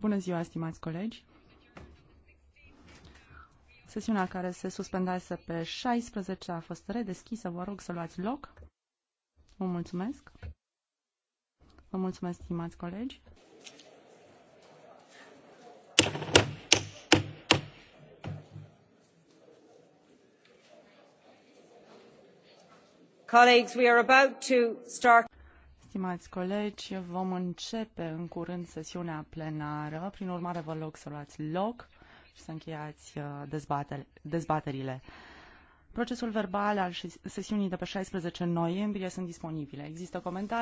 Bună ziua, stimați colegi. Sesiunea care se suspendase pe 16 a fost redeschisă. Vă rog să luați loc. Vă mulțumesc. Vă mulțumesc, stimați colegi. Colleagues, we are about to start. Stimați colegi, vom începe în curând sesiunea plenară. Prin urmare, vă rog să luați loc și să încheiați uh, dezbaterile. Procesul verbal al sesiunii de pe 16 noiembrie sunt disponibile. Există comentarii?